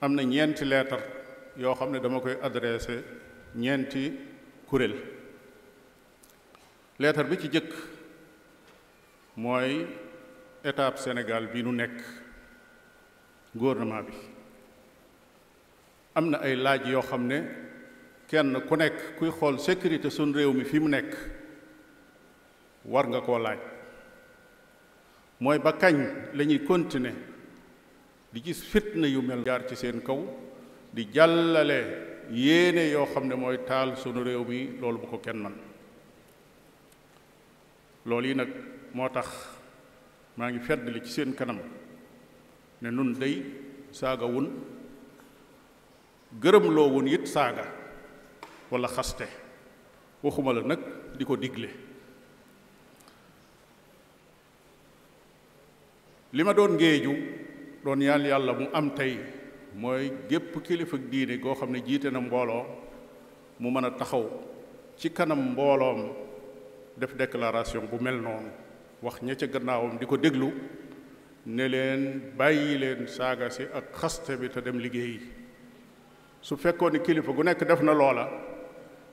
am na ñeenti leetar yoo xam ne dama koy adressé ñeenti kuréel leetar bi ci jëkk mooy étape senegal bi nu nekk gouvernement bi am na ay laaj yoo xam ne kenn ku nekk kuy xool sécurité suñ réew mi fi mu nekk war nga koo laaj mooy ba kañ lañuy ñuy di gis fitna yu mel jaar ci seen kaw di jàllale yéene yoo xam ne mooy taal sunu réew mi loolu bu ko kenn man loolu yi nag moo tax maa ngi fedd li ci seen kanam ne nun day saaga wun gërëm loo wun it saaga walla xaste waxuma la nag di ko digle li ma doon géeju doon ñaan yàlla mu am tey mooy gépp kilifa diine goo xam ne jiite na mbooloo mu mën a taxaw ci kanam mbooloom def déclaration bu mel noonu wax ña ca gannaawam di ko déglu ne leen bàyyi leen saaga si ak xaste bi te dem liggéeyi su fekkoon ni kilifa gu nekk def na loola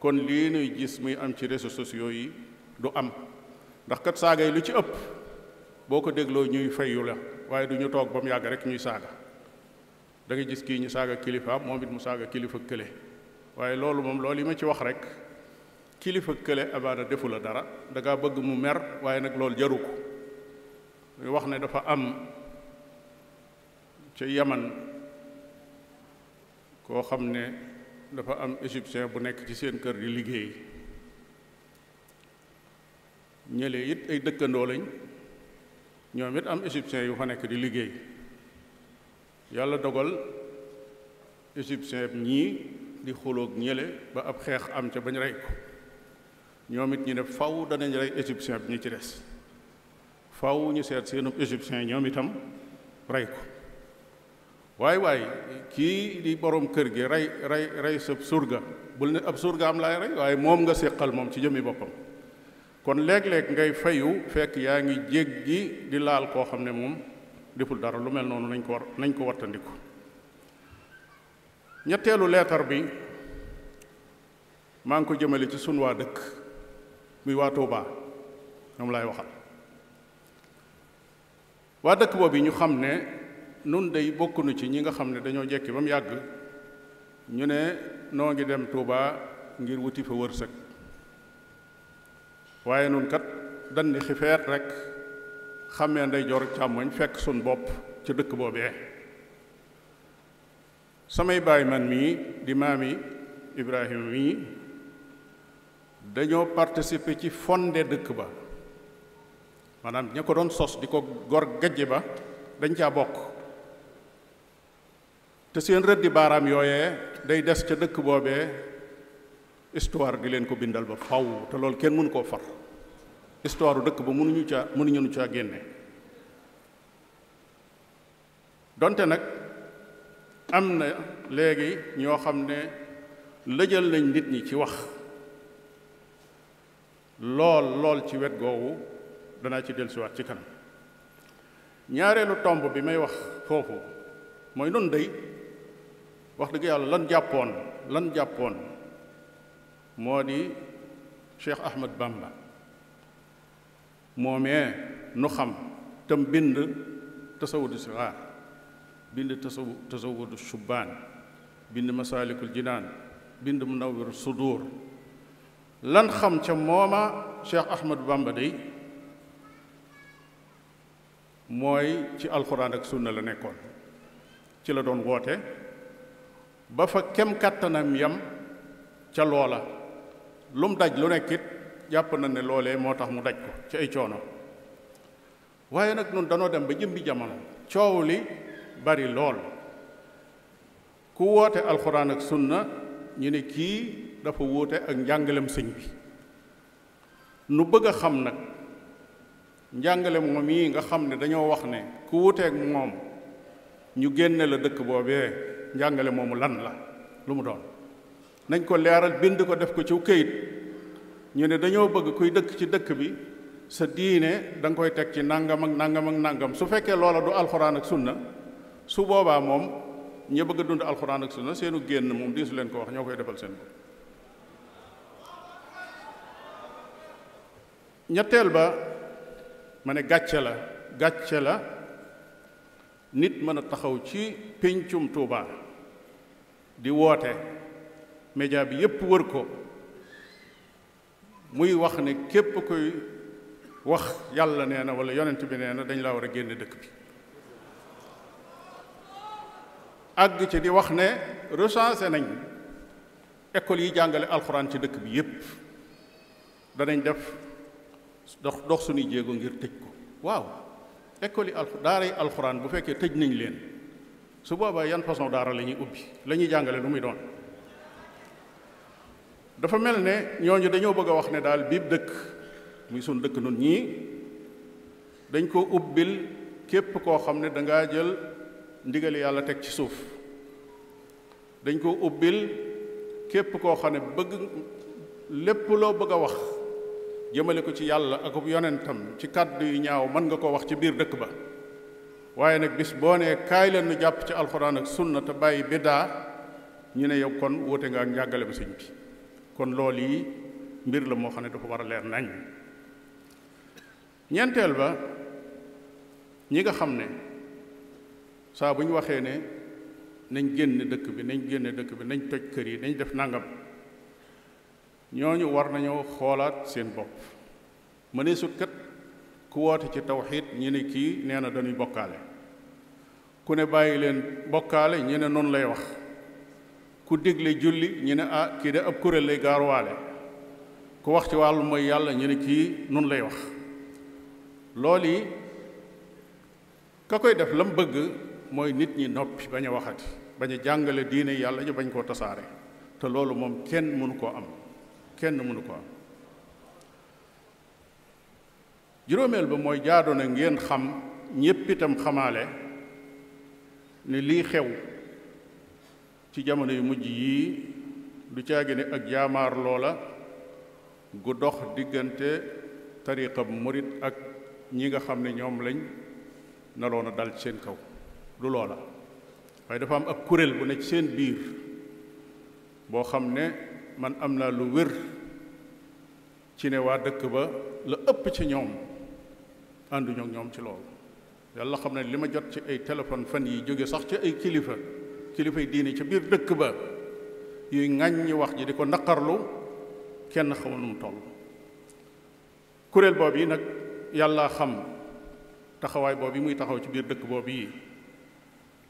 kon lii nuy gis muy am ci réseaux sociaux yi du am ndax kat saaga yi lu ci ëpp boo ko dégloo ñuy fayu waaye duñu toog ba mu yàgg rek ñuy saaga dangay gis kii ñu saaga kilifaam moom it mu saaga kilifa kële waaye loolu moom lool yi ma ci wax rek kilifa kële abaana defu la dara da bëgg mu mer waaye nag loolu jaru ko ñu wax ne dafa am ca yaman koo xam ne dafa am égyptien bu nekk ci seen kër di liggéey ñële it ay dëkkandoo lañ ñoom it am égyptiens yu fa nekk di liggéey yàlla dogal bi ñii di xuloog ñéle ba ab xeex am ca bañ rey ko ñoom it ñu ne faw danañ rey égyptien bi ñu ci des faw ñu seet seenub égyptien ñoom itam rey ko waaye waaye kii di borom kër gi rey rey rey sa surga bul ne ab surga am laay rey waaye moom nga séqal moom ci jëmmi boppam kon léeg-léeg ngay fayu fekk yaa ngi jéggi di laal koo xam ne moom deful dara lu mel noonu nañ ko war nañ ko wàttandiku ñetteelu leetar bi maa ngi ko jëmale ci sunu waa dëkk muy waa Touba ñoom laay waxal waa dëkk boobu ñu xam ne nun day bokkunu ci ñi nga xam ne dañoo jekki ba mu yàgg ñu ne noo ngi dem Touba ngir wuti fa wërsëg waaye nun kat dañ ni xifeet rek xammee nday jor càmmoñ fekk suñ bopp ca dëkk boobee samay baay man mii di maami Ibrahima mii dañoo participer ci fonde dëkk ba maanaam ña ko doon sos di ko gor gajje ba dañ caa bokk te seen rëddi baaraam yooyee day des ca dëkk boobee histoire di leen ko bindal ba faw te loolu kenn mënu koo far histoire dëkk ba mënuñu caa mënuñu caa génne donte nag am na léegi ñoo xam ne lëjal nañ nit ñi ci wax lool lool ci wet goowu danaa ci dellusiwaat ci kanam ñaareelu tomb bi may wax foofu mooy noonu day wax dëgg yàlla lan jàppoon lan jàppoon moo di Cheikh Ahmad Bamba moomee nu xam tam bind tasawudu sigaar bind tasawu tasawudu subbaan bind masaalikul jinaan bind munawwir sudur lan xam ca mooma Cheikh Ahmad Bamba day mooy ci alxuraan ak sunna la nekkoon ci la doon woote ba fa kem kàttanam yam ca loola lu mu daj lu nekk it jàpp na ne loolee moo tax mu daj ko ci ay coono waaye nag nun danoo dem ba jëmbi jamono coow li bari lool ku woote alxuraan ak sunna ñu ne kii dafa wuute ak njàngalem sëñ bi nu bëgg a xam nag njàngale moom yi nga xam ne dañoo wax ne ku wuuteek moom ñu génne la dëkk boobee njàngale moomu lan la lu mu doon nañ ko leeral bind ko def ko ci kayit ñu ne dañoo bëgg kuy dëkk ci dëkk bi sa diine da koy teg ci nangam ak nangam ak nangam su fekkee loola du alxuraan ak sunna su boobaa moom ña bëgg a dund alxuraan ak sunna seenu génn moom diisu leen ko wax ñoo koy defal seen bopp ñetteel ba ma ne gàcce la gàcce la nit mën a taxaw ci péncum tuubaa di woote média bi yépp wër ko muy wax ne képp koy wax yàlla nee na wala yonent bi nee na dañ la war a génne dëkk bi àgg ci di wax ne recensé nañ école yi jàngale alxuraan ci dëkk bi yépp danañ def dox dox suñuy jéego ngir tëj ko waaw ecole yi al daaray alxuraan bu fekkee tëj nañ leen su boobaa yan façon daara la ñuy ubbi la ñuy jàngale lu muy doon dafa mel ne ñooñ dañoo bëgg a wax ne daal biib dëkk muy suñ dëkk nun ñii dañ koo ubbil képp koo xam ne dangaa jël ndigali yàlla teg ci suuf dañ koo ubbil képp koo xam ne bëgg lépp loo bëgg a wax jëmale ko ci yàlla akub yonentam ci kàddu yu ñaaw mën nga ko wax ci biir dëkk ba waaye nag bis boo nee kaay leen nu jàpp ci alxuraan ak sunna te bàyyi biddaa ñu ne yow kon wóote nga ak njàngale bi bi kon lool yi mbir la moo xam ne dafa war a leer nañ ñenteel ba ñi nga xam ne saa bu ñu waxee ne nañ génn dëkk bi nañ génn dëkk bi nañ toj kër yi nañ def nangam ñooñu war nañoo xoolaat seen bopp mëneesut kat ku woote ci tawxiid ñu ne kii nee na dañuy bokkaale ku ne bàyyi leen bokkaale ñu noonu lay wax ku digle julli ñu ne ah kii de ab kuréel lay gaaruwaale ku wax ci wàllu mooy yàlla ñu ne kii nun lay wax loolu yi ka koy def lam bëgg mooy nit ñi noppi bañ a waxati bañ a jàngale diine yàlla ñu bañ koo tasaare te loolu moom kenn mënu koo am kenn mënu koo am juróomeel ba mooy jaadoo na ngeen xam ñépp itam xamaale ne lii xew ci jamono yu mujj yii lu caagi ne ak jaamaar loola gu dox diggante tariqa murit ak ñi nga xam ne ñoom lañ naloon a dal ci seen kaw lu loola waaye dafa am ak kuréel bu nekk ci seen biir boo xam ne man am naa lu wér ci ne waa dëkk ba la ëpp ci ñoom ànduñu ñoom ci loolu yàlla xam ne li ma jot ci ay téléphone fan yi jóge sax ci ay kilifa kilifay diine ca biir dëkk ba yuy ŋàññi wax ji di ko naqarlu kenn xamul nu mu kuréel boobu yi nag yàlla xam taxawaay boobu yi muy taxaw ci biir dëkk boobu yi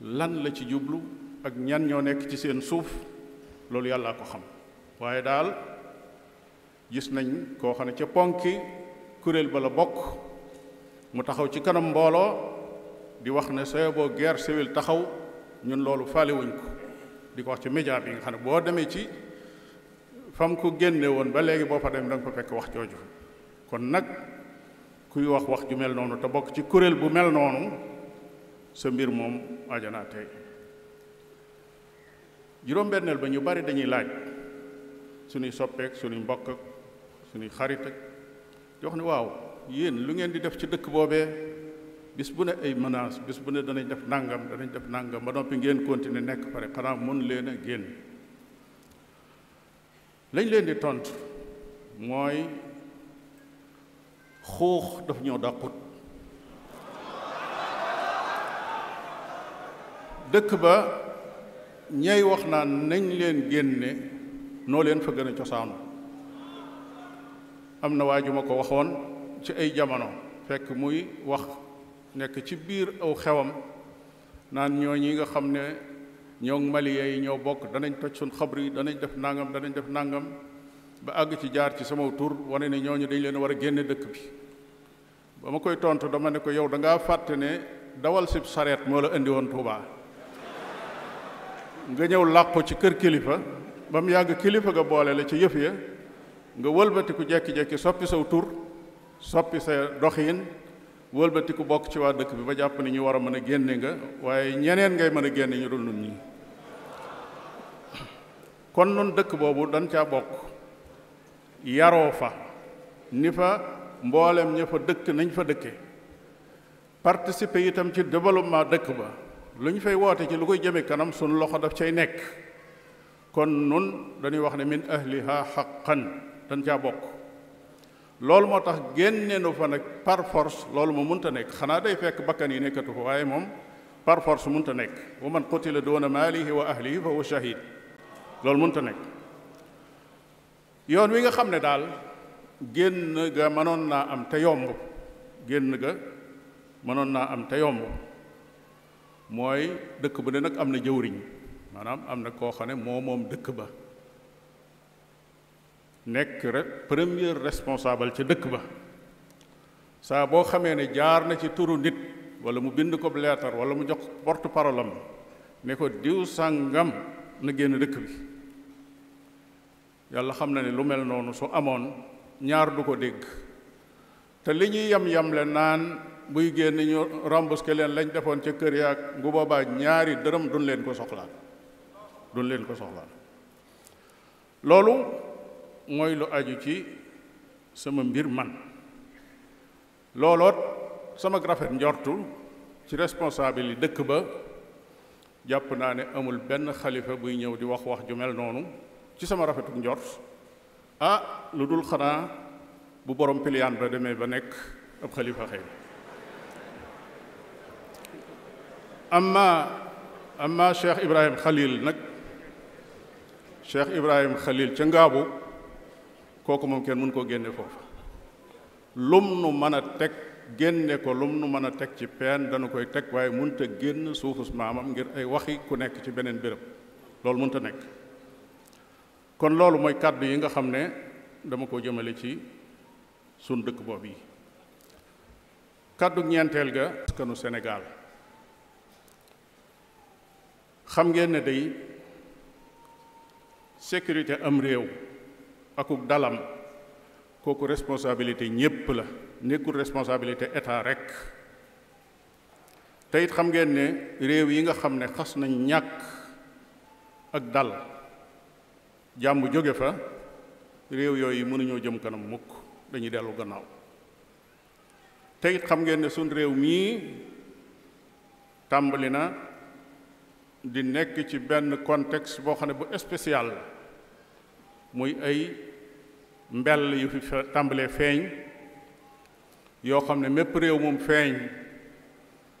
lan la ci jublu ak ñan ñoo nekk ci seen suuf loolu yàlla ko xam waaye daal gis nañ koo xam ne ca ponki kuréel ba la bokk mu taxaw ci kanam mbooloo di wax ne sooy boo guerre taxaw ñun loolu faale wuñ ko di ko wax ci média bi nga xam ne boo demee ci fam ko génne woon ba léegi boo fa dem da nga fa fekk wax jooju kon nag kuy wax wax ju mel noonu te bokk ci kuréel bu mel noonu sa mbir moom ajanaa tey juróom-benneel ba ñu bari dañuy laaj suñuy soppeek suñuy mbokk ak suñuy xarit ak di wax ne waaw yéen lu ngeen di def ci dëkk boobee bis bu ne ay menace bis bu ne danañ def nangam danañ def nangam ba noppi ngeen continuer nekk pare xanaa mën leen a génn lañ leen di tontu mooy xuux daf ñoo dàqut dëkk ba ñay wax naa nañ leen génne noo leen fa gën a cosaanu am na waa ju ma ko waxoon ci ay jamono fekk muy wax nekk ci biir aw xewam naan ñoo ñi nga xam ne ñoo maliyen yi ñoo bokk danañ toj suñ xabr yi danañ def nangam danañ def nangam ba àgg ci jaar ci sama tur wane ne ñooñu dañ leen war a génne dëkk bi ba ma koy tontu dama ne ko yow danga fàtte ne dawal sib sareet moo la indi woon Tuubaa nga ñëw làqu ci kër kilifa ba mu yàgg kilifa nga boole la ci yëf ya nga wëlbatiku jekki-jekki soppi saw tur soppi sa doxiin wëlbati ku bokk ci waa dëkk bi ba jàpp ni ñu war a mën a génne nga waaye ñeneen ngay mën a génne ñu dul nun ñi kon nun dëkk boobu dañ caa bokk yaroo fa ni fa mboolem ña fa dëkk nañ fa dëkke participer itam ci développement dëkk ba lu ñu fay woote ci lu koy jëme kanam sunu loxo daf cay nekk kon nun dañuy wax ne min ahliha haqqan dañ caa bokk loolu moo tax génneenu fa nag par force loolu mu munta nekk xanaa day fekk bakkan yi nekkatu fa waaye moom par force munta nekk wa man qutila doona maalihi wa ahlihi fa huwa shahid loolu munta nekk yoon wi nga xam ne daal génn ga mënoon naa am te yomb génn ga mënoon naa am te yomb mooy dëkk bu ne nag am na jëwriñ maanaam am na koo xam ne moo moom dëkk ba nekk premier responsable ca dëkk ba saa boo xamee ne jaar na ci turu nit wala mu bind ko leetar wala mu jox porte parole am ne ko diw sàngam na génn dëkk bi yàlla xam na ne lu mel noonu su amoon ñaar du ko dégg te li ñuy yam-yamle yam naan buy génn ñu remboursé leen lañ defoon ca kër yaag bu boobaa ñaari dërëm duñ leen ko soxlaal duñ leen ko soxlaal loolu mooy lu aju ci sama mbir man looloot sama rafet njortu ci responsable yi dëkk ba jàpp naa ne amul benn xalifa buy ñëw di wax wax ju mel noonu ci sama rafetuk njort ah lu dul xanaa bu borom piliyaan ba demee ba nekk ab xalifa xëy amma amma Cheikh Ibrahim Khalil nag Cheikh Ibrahim Khalil ca ngaabu kooku moom kenn mënu koo génne foofu lum mën a teg génne ko lum nu mën a teg ci peen dana koy teg waaye mënta génn suufus maamam ngir ay waxi ku nekk ci beneen béréb loolu mënta nekk kon loolu mooy kàddu yi nga xam ne dama ko jëmale ci sun dëkk boobu yi kàddu ñeenteel ga askanu senegaal xam ngeen ne day sécurité am réew akuk dalam kooku responsabilité ñépp la nekkul responsabilité état rek te xam ngeen ne réew yi nga xam ne xas nañ ñàkk ak dal jàmm jóge fa réew yooyu mënuñoo jëm kanam mukk dañuy dellu gannaaw te xam ngeen ne suñ réew mii tàmbali na di nekk ci benn contex boo xam ne bu spécial la muy ay mbell yu fi tàmbalee feeñ yoo xam ne mépp réew moom feeñ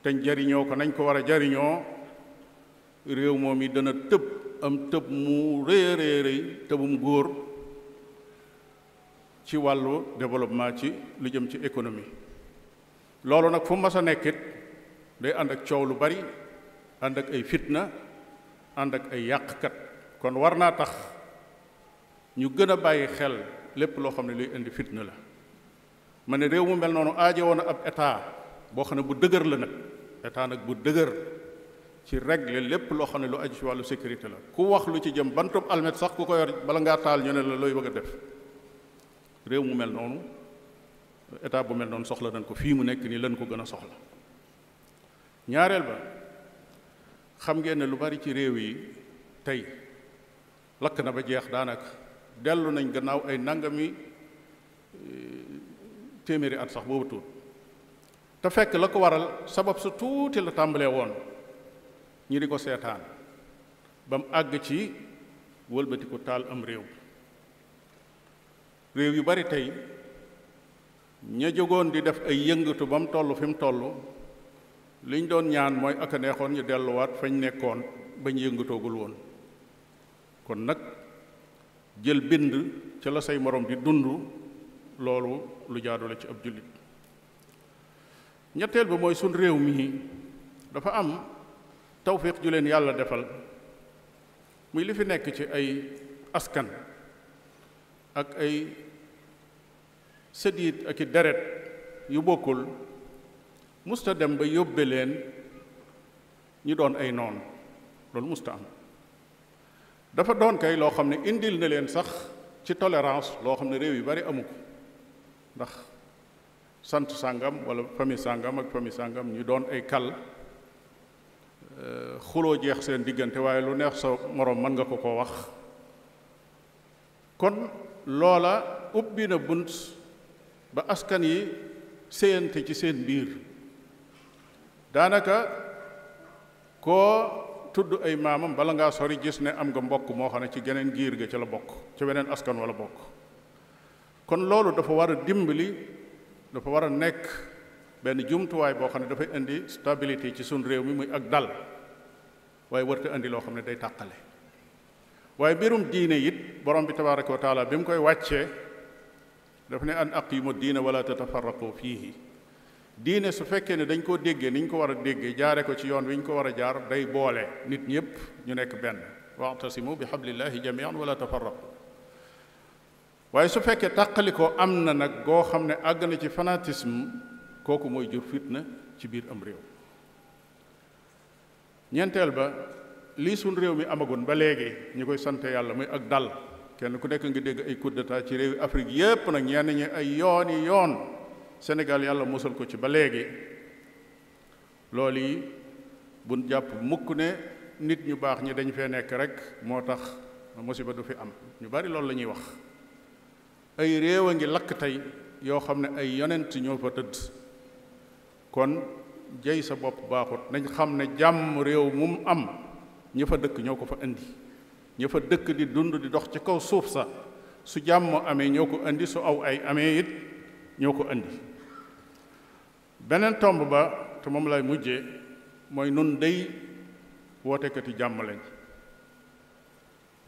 te jariñoo ko nañ ko war a jariñoo réew moom yi dana tëb am tëb mu rëy rëy rëy tëbum góor ci wàllu développement ci lu jëm ci économie loolu nag fu mas a nekkit day ànd ak coow lu bari ànd ak ay fitna ànd ak ay yàqkat kon war naa tax ñu gën a bàyyi xel lépp loo xam ne luy indi fitna la ma ne réew mu mel noonu aajo woon ab état boo xam ne bu dëgër la nag état nag bu dëgër ci régler lépp loo xam ne lu aju ci wàllu sécurité la ku wax lu ci jëm bantub almet sax ku ko yor bala ngaa taal ñu ne la looy bëgg a def réew mu mel noonu état bu mel noonu soxla nañ ko fii mu nekk nii lañ ko gën a soxla ñaareel ba xam ngeen ne lu bari ci réew yi tey lakk na ba jeex daanaka dellu nañ gannaaw ay nangami eh, téeméeri at sax boobu tuut te fekk la ko waral sabab su tuuti la tàmbalee woon ñi di ko seetaan ba mu àgg ci wëlbatiku taal am réew réew yu bari tey ña jógoon di def ay yëngatu ba mu toll fi mu toll liñ doon ñaan mooy ak neexoon ñu delluwaat fañ nekkoon bañ yëngatoogul woon kon nag jël bind ci la say morom di dund loolu lu jaadu la ci ab jullit ñetteel bi mooy sun réew mi dafa am tawfiq ju leen yàlla defal muy li fi nekk ci ay askan ak ay sëddiit ak i deret yu bokkul musta dem ba yóbbe leen ñi doon ay noon loolu musta am dafa doon kay loo xam ne indil na leen sax ci tolérance loo xam ne réew yu bari amu ndax sant sàngam wala famille sàngam ak famille sàngam ñu doon ay kal euh, xuloo jeex seen diggante waaye lu neex sa moroom mën nga ko ko wax kon loola ubbi na bunt ba askan yi séyante ci seen biir daanaka koo tudd ay maamam bala ngaa sori gis ne am nga mbokk moo xam ne ci geneen giir ga ca la bokk ca weneen askan wala bokk kon loolu dafa war a dimbali dafa war a nekk benn jumtuwaay boo xam ne dafay indi stabilité ci sun réew mi muy ak dal waaye warta indi loo xam ne day tàqale waaye mbirum diine it borom bi tabaraka wa bi mu koy wàccee daf ne an aqimu diina wala fii fiihi diine su fekkee ne dañ koo déggee ni ñu ko war a déggee jaare ko ci yoon wi ñu ko war a jaar day boole nit ñëpp ñu nekk benn wa'tasimu bi hablillahi jami'an wala tafarraqu waaye su fekkee tàqali ko am na nag goo xam ne àgg na ci fanatisme kooku mooy jur fitna ci biir am réew ñeenteel ba lii suñ réew mi amagun ba léegi ñu koy sante yàlla muy ak dal kenn ku nekk ngi dégg ay coup ci réewi Afrique yépp nag ñenn ñi ay yoon yi yoon senegal yàlla mosal ko ci ba léegi loolu yi buñ jàpp mukk ne nit ñu baax ñi dañu fee nekk rek moo tax musiba du fi am ñu bari loolu la ñuy wax ay réew a ngi lakk tey yoo xam ne ay yonent ñoo fa tëdd kon jey sa bopp baaxut nañ xam ne jàmm réew mum am ña fa dëkk ñoo ko fa indi ña fa dëkk di dund di dox ci kaw suuf sa su jàmm amee ñoo ko indi su aw ay amee it ñoo ko indi beneen tomb ba te moom lay mujje mooy nun day wootekati jàmm lañ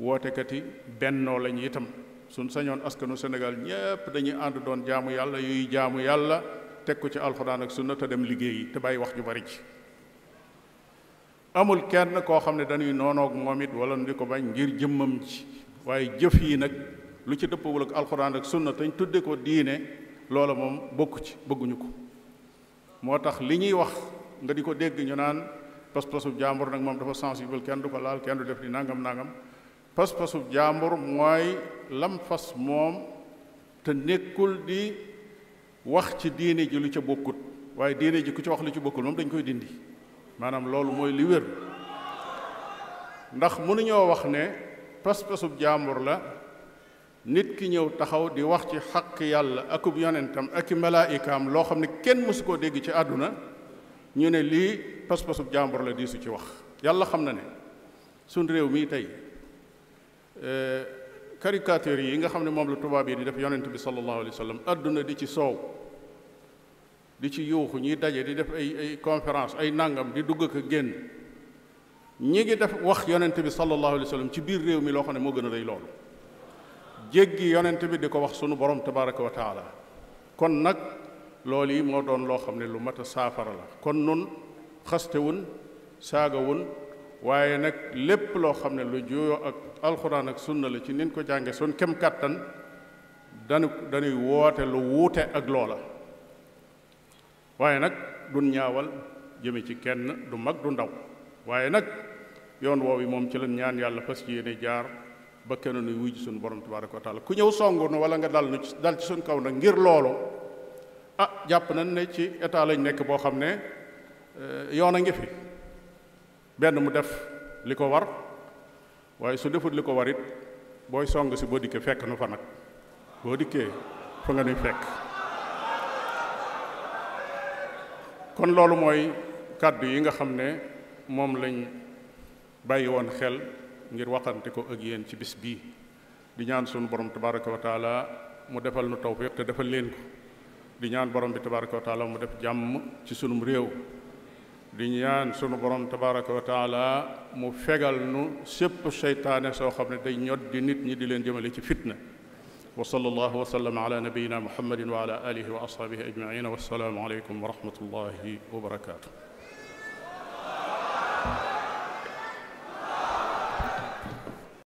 wootekati bennoo lañ itam suñ sañoon askanu Sénégal ñépp dañuy ànd doon jaamu yàlla yuy jaamu yàlla teg ko ci alxuraan ak sunna te dem liggéeyi te bàyyi wax ju bari ji amul kenn koo xam ne dañuy noonoog moom it wala di ko bañ ngir jëmmam ci waaye jëf yi nag lu ci dëppawul ak alxuraan ak sunna te ñu tudde ko diine loola moom bokk ci bëgguñu ko moo tax li ñuy wax nga di ko dégg ñu naan pas-pasub jàmbur nag moom dafa sensible kenn du ko laal kenn du def di nangam nangam pas-pasub jàmbur mooy lam fas moom te nekkul di wax ci diine ji lu ca bokkut waaye diine ji ku ca wax lu ci bokkul moom dañ koy dindi maanaam loolu mooy li wér ndax mënuñoo wax ne pas-pasub jàmbur la nit ki ñëw taxaw di wax ci xaq yàlla akub yonentam ak i malaayikaam loo xam ne kenn mësu koo dégg ci àdduna ñu ne lii pas-pasub jàmbur la diisu ci wax yàlla xam na ne suñ réew mii tey euh, caricature yi nga xam ne moom la tubaab yi di def yonent bi sallallahu alayhi wa sallam àdduna di ci soow di ci yuuxu ñuy daje di def ay ay conférence ay nàngam di dugg ak génn ñi ngi def wax yonent bi sallallahu alayhi wa ci biir réew mi loo xam ne moo gën a rëy loolu jéggi yonent bi di ko wax sunu borom tabaraka wa taala kon nag loolu yi moo doon loo xam ne lu mat a saafara la kon nun xastewun saagawun waaye nag lépp loo xam ne lu juyoo ak alxuraan ak sunna la ci nin ko jànge sun kem kàttan danu dañuy woote lu wuute ak loola waaye nag dun ñaawal jëme ci kenn du mag du ndaw waaye nag yoon woow yi moom ci lan ñaan yàlla fas yéene jaar ba kenn nuy wuy ji suñu borom tabaraka wa ku ñëw songu nu wala nga dal nu dal ci suñu kaw nag ngir loolu ah jàpp nañ ne ci état lañ nekk boo xam ne eh, yoon a ngi fi benn mu def li ko war waaye su defut li ko war booy song si boo dikkee fekk nu fa nag boo dikkee fa nga nuy fekk kon loolu mooy kàddu yi nga xam ne moom lañ bàyyi woon xel ngir waxante ko ak yéen ci bis bii di ñaan sunu borom tabaraka wa taala mu defal nu tawfiq te defal leen ko di ñaan borom bi tabaraka wa taala mu def jàmm ci sunum réew di ñaan sunu borom tabaraka wa taala mu fegal nu sépp seytaane soo xam ne day ñot di nit ñi di leen jëmale ci fitna wa sallallahu wa sallam ala nabiyina muhammadin wa ala alihi wa ashaabihi ajmaina wassalaamu aleykum wa rahmatullahi wa barakatuh